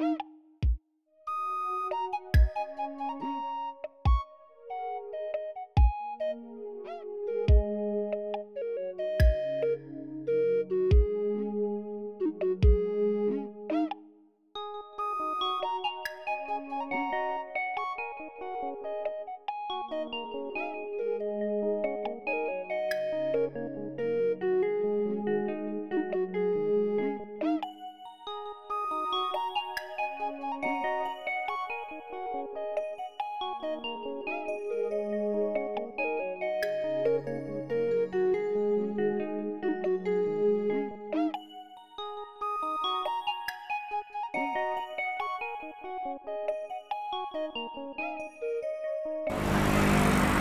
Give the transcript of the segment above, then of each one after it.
Thank mm. you.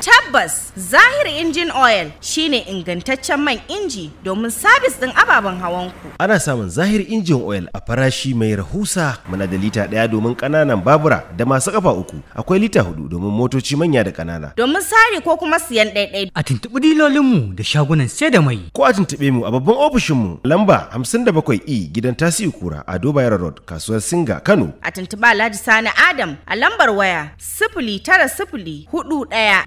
Tabbas zahiri Injin Oil shine ingantaccen man inji domin sabis ɗin ababen hawanku. Ana samun zahiri Injin Oil a farashi mai rahusa muna da lita ɗaya domin ƙananan babura da masu ƙafa uku akwai lita hudu domin motoci manya da ƙanana. Domin sari ko kuma siyan ɗaiɗai. A tuntuɓi dilolinmu da shagunan sai da mai. Ko a tuntuɓe mu a babban ofishinmu lamba hamsin da bakwai E gidan tasi Kura a Doba Road kasuwar Singa Kano. A tuntuɓa Alhaji Sani Adam a lambar waya sifili tara sifili hudu ɗaya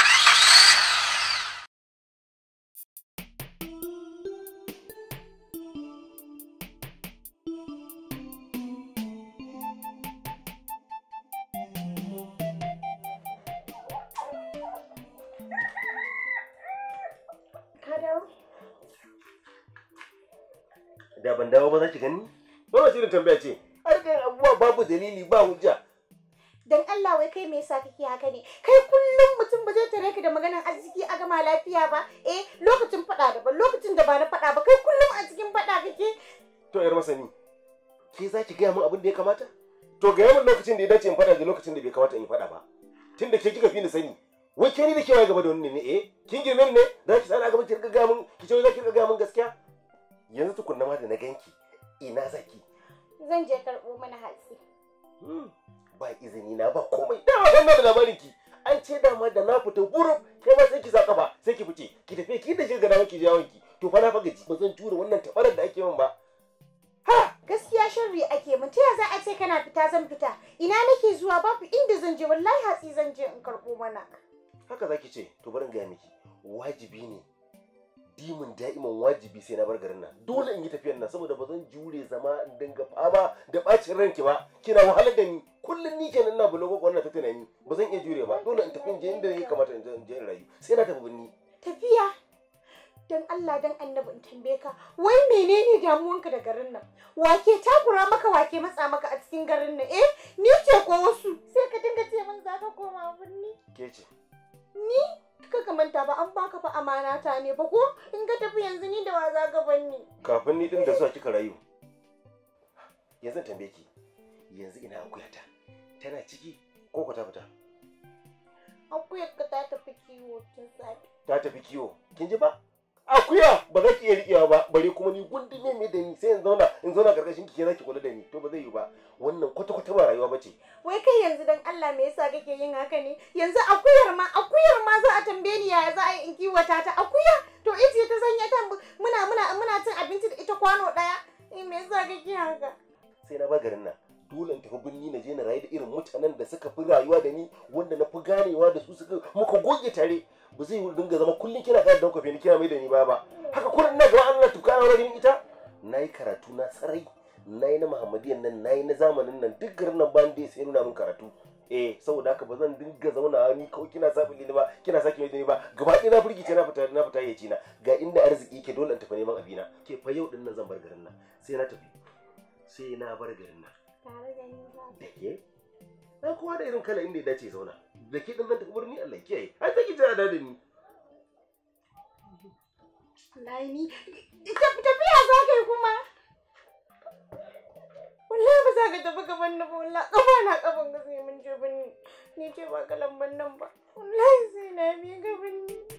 gama lafiya ba eh lokacin faɗa da ba lokacin da ba na faɗa ba kai kullum a cikin faɗa kake to yar masani ke za ki gaya min abin da ya kamata to ga yawan lokacin da ya dace in faɗa da lokacin da bai kamata in faɗa ba tunda ke kika fi ni sani wai ke ni da ke waye gaba da wani ne eh kin girme ne za ki tsara gaba ki riga gaya min ki ce za ki riga gaya min gaskiya yanzu tukunna ma da na ganki ina zaki zan je karɓo mana hatsi hmm, ba izini na ba komai dama zan da labarin ki an ce dama da na fita gurup kai ba sai ki saka ba sai ki fice ki tafi ki da jirga dama ki je yawon ki to fa na faga ji ba zan tura wannan tabarar da ake min ba ha gaskiya sharri ake mun ta za a ce kana fita zan fita ina nake zuwa babu inda zan je wallahi hatsi zan je in karbo mana haka zaki ce to bari in ga miki wajibi ne addinin da'iman wajibi sai na bar garin nan dole in yi tafiyar nan saboda ba zan jure zama in dinga fama da bacin ranki ba kina wahalar da ni kullum ni kenan na ko kokon ta ni ba zan iya jure ba dole in tafi inda ya kamata in je in rayu sai na tafi binni tafiya dan Allah dan annabi in tambaye ka wai menene damuwanka da garin nan wake takura maka wake matsa maka a cikin garin nan eh ni ce ko wasu sai ka dinga ce min zaka koma binni ke ce ni ka manta ba an baka fa amana ta ne ba ko in ka tafi yanzu ni da wa za ni? banni kafin ni din da zuwa kika rayu yanzu tambaye ki yanzu ina akuyata tana ciki ko ko ta fita akuyar ka ta tafi kiwo tun safe ta tafi kiwo kin ji ba akuya ba za ki iya riƙewa ba bare kuma ni gundume ne da ni sai in zauna in zauna karkashin ki za ki kula da ni to ba zai yi ba wannan kwata kwata ba rayuwa bace wai kai yanzu dan Allah me yasa kake yin haka ne yanzu akuyar ma akuyar ma za a tambaye ni yaya za a yi in kiwata ta akuya to ita ta sanya ta muna muna muna cin abinci da ita kwano daya eh, me yasa kake haka sai na ba garin nan dole in tafi birni na je na rayu da irin mutanen da suka fi rayuwa da ni wanda na fi ganewa da su suka muka goge tare ba zai dinga zama kullum kina kayar don kwafe ni kina mai da ni ba ba haka kullum na gaba Allah tuka na wurin ita na yi karatu na sarai na yi na muhammadiyan nan na yi na zamanin nan duk garin nan ban da sai nuna min karatu eh saboda haka ba zan dinga zauna ni ko kina sa ni ba kina saki mai ni ba gaba ɗaya na ce na fita na fita yace na ga inda arziki ke dole in tafi neman abina ke fa yau din nan zan bar garin nan sai na tafi sai na bar garin nan Tare da Da ke? Na kowa da irin kala inda ya dace zauna. Da ke ɗin zan tafi birni Allah kiyaye. Ai take jira da ni. tafiya za ka yi kuma. Wallahi ba za ka tafi gaban na ba, wallahi ƙafa na ƙafan ka sai mun je Ni ce ba kalan ban nan ba. Wallahi sai na bi gaban ni.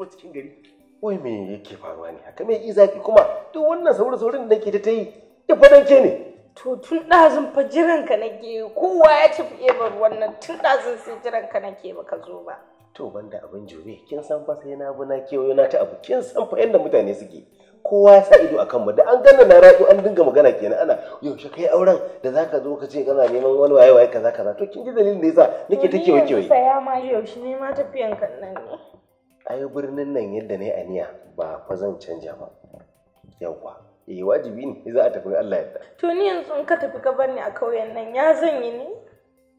kuma cikin gari wai me yake faruwa ne haka me yi zafi kuma duk wannan saurin saurin da nake ta yi ya ke ne to tun ɗazun fa jiran ka nake kowa ya ci fiye bar wannan tun ɗazun sai jiran ka nake baka zo ba to banda abin jure kin san fa sai na bu na kewayo na ta abu kin san fa yanda mutane suke kowa ya sa ido a mu da an gana na raɗo an dinga magana kenan ana yaushe kai auren da zaka zo ka ce kana neman wani waye waye kaza kaza to kin ji dalilin da yasa nake ta kewaye kewaye ya ma yaushe ne ma tafiyan kan nan ne ai birnin nan yadda na yi aniya ba fa zan canja ba yawwa eh wajibi ne za a tafi Allah yadda to ni yanzu in ka tafi ka bar ni a kauyen nan ya zan yi ne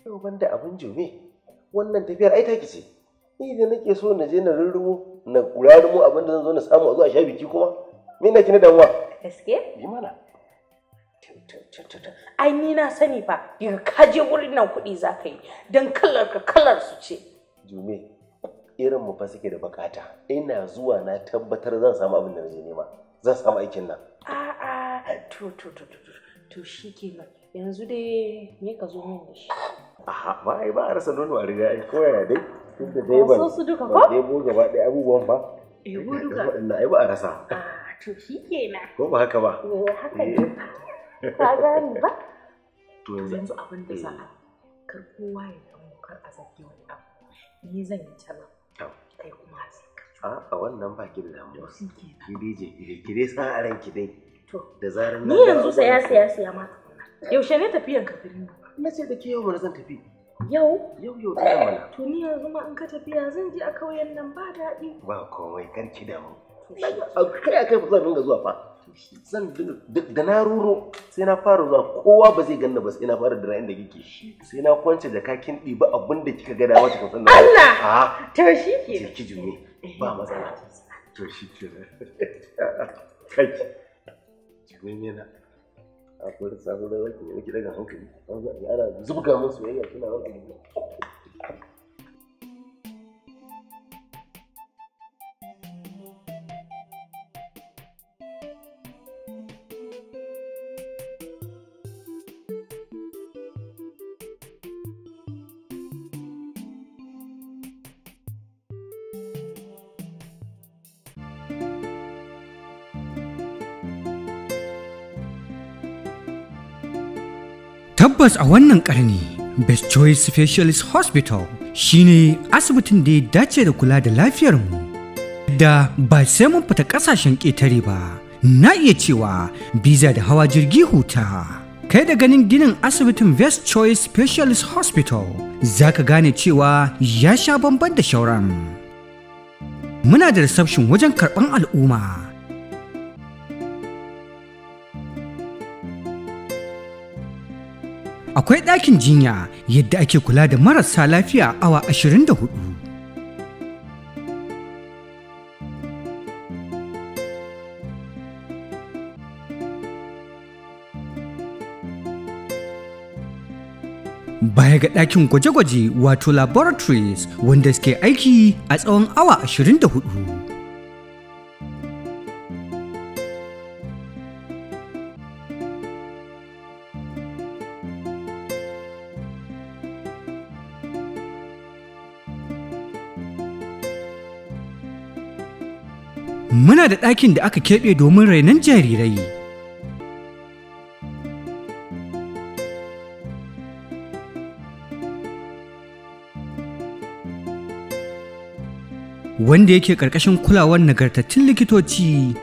yau ban da abin jume wannan tafiyar ai taki ce ni da nake so na je na rurrumo na kurarumo abin da zan zo na samu a zuwa sha biki kuma me na damuwa gaske bi mana ai ni na sani fa ka je wurin nan kuɗi za ka yi don kalar ka kalar su ce jume irin mu fa suke da bukata ina zuwa na tabbatar zan samu abin da nake nema zan samu aikin nan a'a to to to to to shikenan yanzu dai me ka zo min da shi aha ba ai ba a rasa nono a riga ai koya dai tunda dai ba su duka ko dai bo gaba dai abubuwan ba eh bo duka waɗannan ai ba a rasa to shikenan ko ba haka ba eh, haka ne eh. ka gani ba to yanzu abin da za a eh. kar kowa ya kar a zargi wani abu ni zan yi talar kai kuma hatsinka. A'a wannan ba ki da damuwa. Ki dai je ki dai sa a ranki dai. To da zaran Ni yanzu saya saya saya ma. Yaushe ne tafiyan ka birni? Na ce da ke yau mana zan tafi. Yau? Yau yau ta mana. To ni yanzu ma in ka tafiya zan je a kauyen nan ba daɗi. Ba komai kar ki damu. Kai a kai ba zan dinga zuwa fa. zan da na ruro sai na fara zuwa kowa ba zai ganna ba sai na fara da inda kike sai na kwance da kakin ɗiba abin da kika gada wata kan da Allah to shi ke ki jume ba eh. matsala to shi ke kai na a sabon ne hankali ana zubga musu yayya wani abu Tabbas a wannan ƙarni, Best Choice Specialist Hospital shi ne asibitin da ya dace da kula da lafiyarmu. Da ba sai mun fita ƙasashen ƙetare ba, na iya cewa biza da hawa jirgi huta. Kai da ganin ginin asibitin Best Choice Specialist Hospital za ka gane cewa ya sha bamban da shauran. Muna da reception wajen karɓan al'umma. akwai ɗakin jinya yadda ake kula da marasa lafiya awa 24 baya ga ɗakin gwaje-gwaje wato laboratories wanda suke aiki a tsawon awa 24 da ɗakin da aka keɓe domin rainon jarirai. Wanda yake ƙarƙashin kulawar nagartattun likitoci.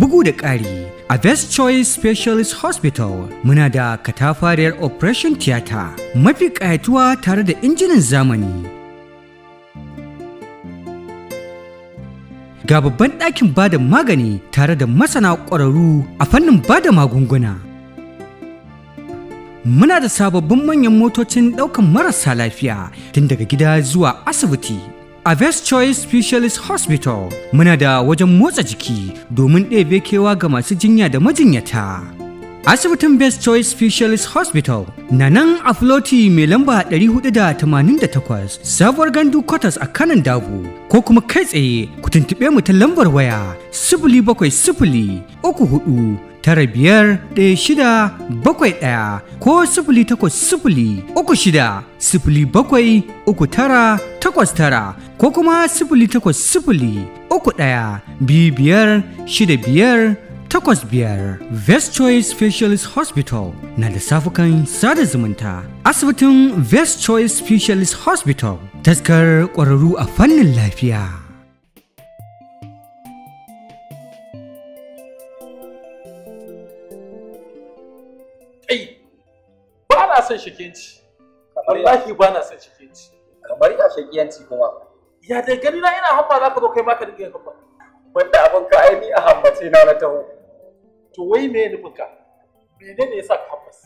Bugu da ƙari. A Best Choice Specialist Hospital muna da katafariyar Operation Theater mafi ƙayatuwa tare da injinin zamani. Ga babban ɗakin bada magani tare da masana ƙwararru a fannin bada magunguna. Muna da sababbin manyan motocin ɗaukan marasa lafiya tun daga gida zuwa asibiti. A Best Choice Specialist Hospital muna da wajen motsa jiki domin ɗebe kewa ga masu jinya da majinyata. Asibitin Best Choice Specialist Hospital na nan a Floti mai lamba 488 sabuwar gandu quarters a kanan dabu ko kuma kai tsaye ku tuntube mu ta lambar waya sifili uku huɗu. tara biyar ɗaya shida bakwai ɗaya ko sifili takwas sifili uku shida sifili bakwai uku tara takwas tara ko kuma sifili takwas sifili uku ɗaya biyu biyar shida biyar takwas biyar Vest Choice Specialist Hospital na da safukan sada zumunta asibitin Vest Choice Specialist Hospital taskar ƙwararru a fannin lafiya. son shakiyanci wallahi ba na son shakiyanci kamar ya shakiyanci kuma ya da gani na ina hamba za ka zo kai ma ka dinga hamba wanda abin ka aini a hambace na na taho to wai me nufin ka menene yasa ka hambas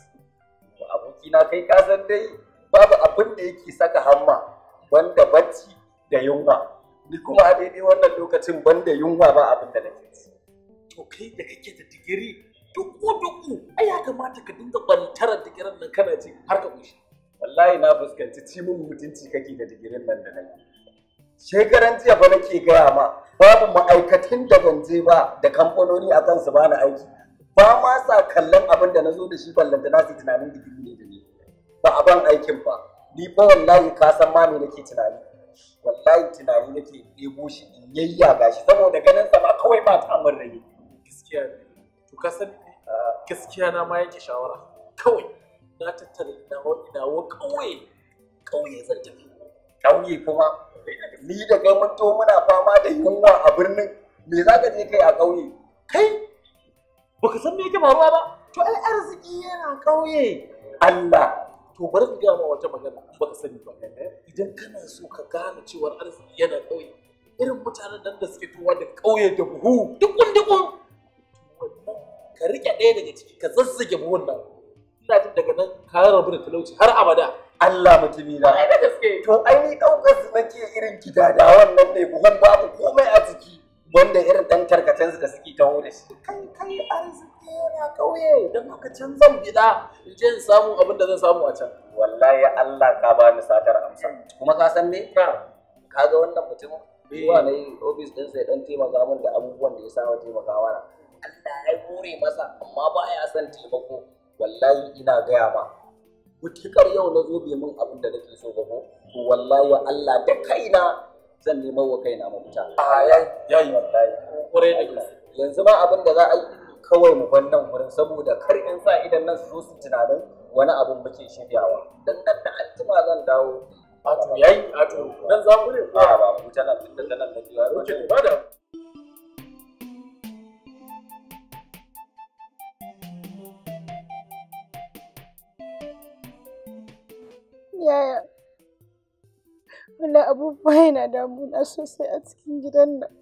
aboki na kai ka san dai babu abin da yake saka hamma wanda bacci da yunwa ni kuma a daidai wannan lokacin banda yunwa ba abin da nake to kai da kake da digiri duku-duku ai ya kamata ka dinga bantarar digirin nan kana ci har ka kushi wallahi na fuskanci cimin mutunci kake da digirin nan da nake shekaran jiya fa nake gaya ma babu ma'aikatan da ban je ba da kamfanoni a kansu ba na aiki ba ma sa kallon abin da na zo da shi da na su tunanin digiri ne da ni ba a ban aikin ba ni fa wallahi ka san ma me nake tunani wallahi tunani nake ɗebo shi in yayya gashi saboda ganin sama kawai ba ta amur rage gaskiya to ka san gaskiya na ma yake shawara kawai na tattara dawo ƙauye ƙauye zai tafi kawai kuma ni da kai mun muna fama da yunwa a birnin me za ka je kai a ƙauye kai baka san me yake faruwa ba to ai arziki yana ƙauye Allah to bari su ga ma wata magana baka sani ba idan kana so ka gane cewa arziki yana ƙauye irin mutanen nan da suke tuwa da ƙauye da buhu duk wanda riƙe ɗaya daga ciki ka zazzage buhun nan ina jin daga nan ka rabu da talauci har abada Allah mutumi na da gaske to ai ni daukar su nake irin da nan ne buhun babu komai a ciki wanda irin dan tarkacen su da suke ta da shi kai kai arziki yana ƙauye dan haka can zan bida in je in samu abin da zan samu a can wallahi Allah ka bani satar amsa kuma ka san me ka ga wannan mutumin zuwa eh. na yi ofis ɗinsa ya ɗan taimaka min da abubuwan da ya sa saba taimakawa na Allah ya masa amma ba ya son taimako wallahi ina gaya ma mutukar yau na zo min abin da nake so ba ko to wallahi Allah da kaina zan neman wa kaina mafita a ah, yayi wallahi kure da yanzu ma abin da za a yi kawai mu ban nan wurin saboda kar in sa idan nan su zo su tunanin wani abin muke shiryawa dan nan da antima zan dawo a to yayi a to nan za ne a ah, ba mu tana tunda nan da ke ba da yaya wani abubuwa yana damuna sosai a cikin gidan nan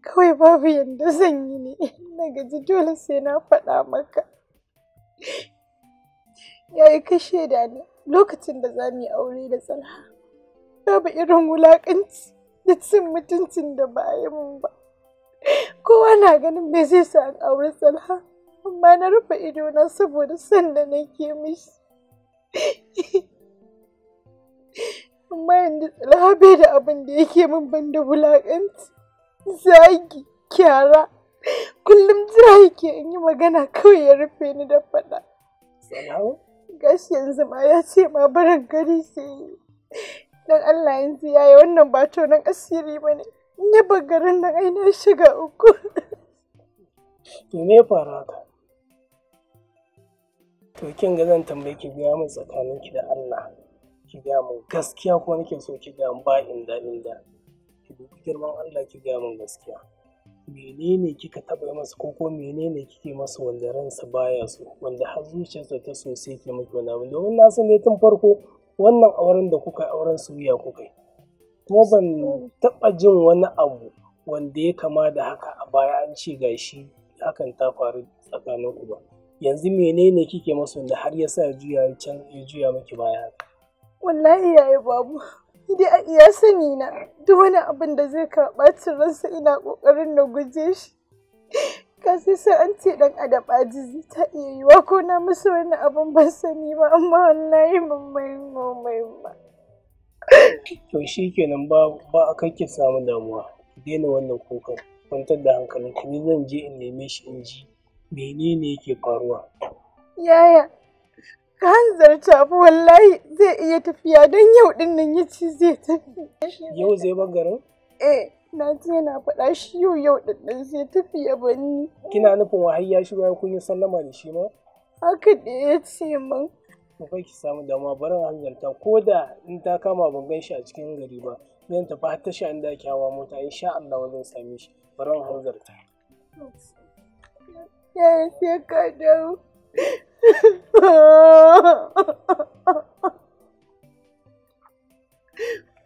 kawai babu yadda zan yi ne na gaji dole sai na faɗa maka yayi kashe da ni lokacin da za mu yi aure da tsarha babu irin wulaƙanci da cin mutuncin da ba a yi min ba kowa na ganin me zai sa an aure tsalha, amma na rufe idona saboda son da nake mishi amma yanzu bai da abin da yake min ban da wulaƙanci zagi kyara kullum jira yake in yi magana kawai ya rufe ni da faɗa gashi yanzu ma ya ce ma barin gari sai dan Allah yanzu ya yi wannan ba to nan asiri ba ne in yi bagarin nan ai shiga uku to me fara ka to kin ga zan tambaye ki biya min tsakaninki da Allah ki gaya min gaskiya kuma nake so ki gaya min ba inda inda ki dubi girman Allah ki gaya mun gaskiya menene kika taba masa ko ko menene kike masa wanda ransa baya so wanda har zuciyarsa ta so sai ki miki wani abu domin na san ne tun farko wannan auren da kuka auren soyayya kuka yi kuma ban taba jin wani abu wanda ya kama da haka a baya an ce gashi hakan ta faru tsakanin ku ba yanzu menene kike masa wanda har ya sa juya can ya juya miki baya haka wallahi yayi babu dai a iya sani na duk wani abin da zai karɓa cin ransa ina ƙoƙarin na guje shi Ka sai an ce dan adaba ajizi ta iya yiwa ko na musu wani abin ban sani ba amma wallahi mun mai mai ba to shi kenan ba ba a kake samu damuwa daina wannan kukan kwantar da hankalinka ni zan je in neme shi in ji menene yake faruwa yaya ka hanzarta abu wallahi zai iya tafiya don yau din nan ya ci zai tafi. Yau zai garin? Eh, na ji yana faɗa shi yau yau din nan zai tafi ya bani. Kina nufin wahayya shi bayan kun yi sallama da shi ma? Haka da ya ce min. kai ki samu dama barin hanzarta ko da in ta kama ban gan shi a cikin gari ba. Zan tafi har tasha inda ke hawa mota in sha Allah zan same shi barin hanzarta. Yaya sai ka dawo.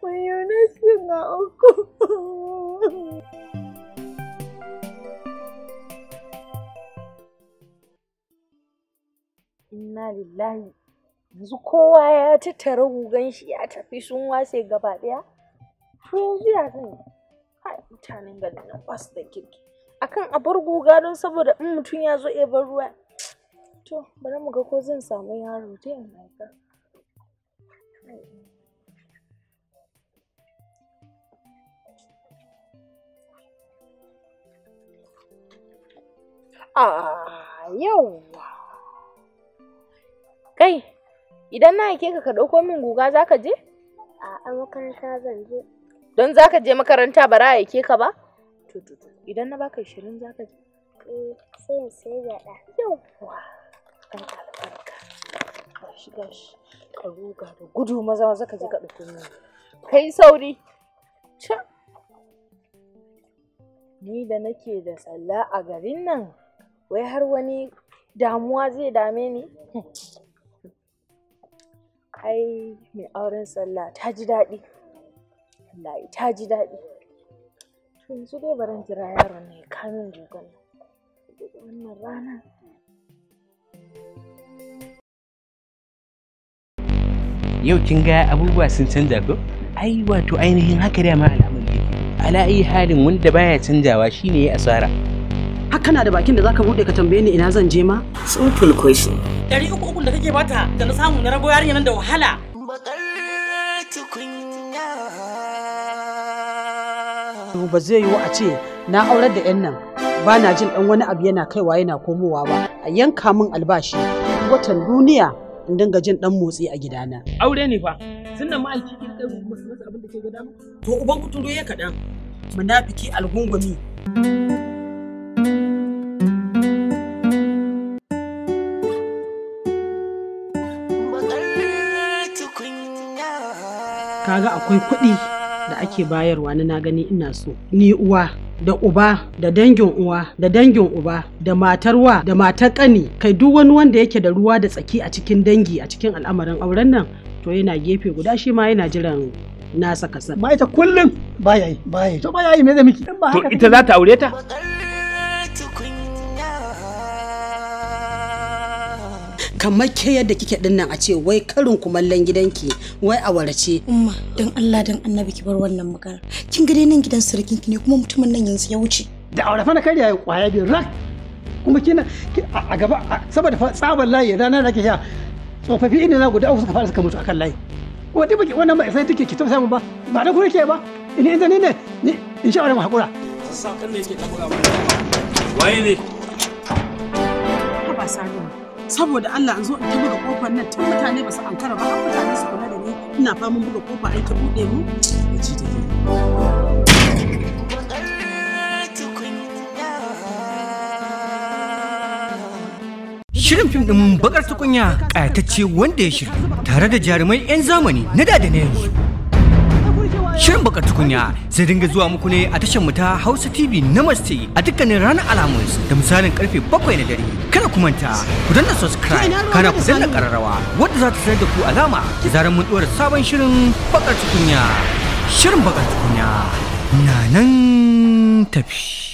Mayunas na nga ako. Inna lillahi. Yanzu kowa ya tattara gugan shi ya tafi sun wase gaba ɗaya. Yanzu ya zan yi. mutanen garin nan ba su da kirki. Akan a bar guga don saboda in mutum ya zo ya bar ruwa to bari mu ga ko zan samu yaro dai in haifar ah, yauwa kai idan na aike ka ka ɗauko min guga za ka je a'a makaranta zan je don za ka je makaranta ba ra'a aike ka ba idan na baka ishirin za ka je eh, sai in sai gyaɗa yauwa ɗan albarka gashi gashi ka ruga da gudu maza maza ka je ka kai sauri can ni da nake da tsalla a garin nan wai har wani damuwa zai dame ni ai mai auren sallah ta ji daɗi wallahi ta ji daɗi to yanzu dai jira yaron ne kanin rigar nan wannan rana yau kin ga abubuwa sun canza ko ai wato ainihin haka da ma al'amari ala ai halin wanda baya canjawa shine ya asara har kana da bakin da zaka bude ka tambaye ni ina zan je ma simple question dari uku uku da kake bata da na samu na rabo yarinya nan da wahala ba zai yiwu a ce na aurar da 'yan nan ba na jin dan wani abu yana kaiwa yana komowa ba a yanka min albashi watan duniya in dinga jin dan motsi a gidana. Aure ne fa, sunan ma'aiki ke kai masu masa abin da ke gada mu. To uban kuturo ya kaɗan, munafiki algungumi. Kaga akwai kuɗi da ake bayarwa na na gani ina so, ni uwa da uba da dangin uwa da dangin uba da matar wa da matar kani kai duk wani wanda yake da ruwa da tsaki a cikin dangi a cikin al'amarin auren nan to yana gefe guda shi ma yana jiran nasa kasar. Ma ita kullum baya yi baya yi to baya yi me zai miki. To ita za ta aure ta? kamar ke yadda kike din nan a ce wai karin kumallon gidanki wai a warace umma dan Allah dan annabi ki bar wannan magana kin ga nan gidan sarkin ki ne kuma mutumin nan yanzu ya wuce da aure fa na kai da kwaya bi rak kuma kina a gaba saboda fa tsaban layi rana da kike sha tsofaffi inda na guda uku suka fara suka mutu akan layi ko dai baki wannan ba sai take ki to tausa ba ba da kure ba ina inda ne ne ni in sha mu hakura sassa kan ne yake takura waye ne ba sa ruwa saboda Allah an zo in ta buga kofar nan tun mutane ba su ankara ba har mutane su kula da ni ina famin buga kofa ai ta bude mu da ji da ni. Shirin fim ɗin bakar tukunya ƙayatacce wanda ya shirya tare da jarumai 'yan zamani na da da na yanzu. Shirin baka tukunya sai dinga zuwa muku ne a tashar mu ta Hausa TV Namaste a dukkanin ranar Alhamis da misalin karfe 7 na dare. kana ku manta ku danna subscribe kana ku danna kararrawa wadda za ta sanar da ku alama da zaran mun dora sabon shirin baka tukunya. Shirin baka tukunya na nan tafi.